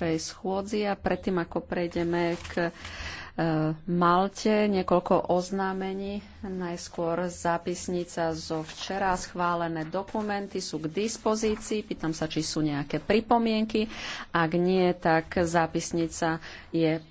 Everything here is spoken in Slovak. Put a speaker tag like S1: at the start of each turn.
S1: našej schôdzi a predtým, ako prejdeme k e, Malte niekoľko oznámení. Najskôr zápisnica zo včera. Schválené dokumenty sú k dispozícii. Pýtam sa, či sú nejaké pripomienky. Ak nie, tak zápisnica je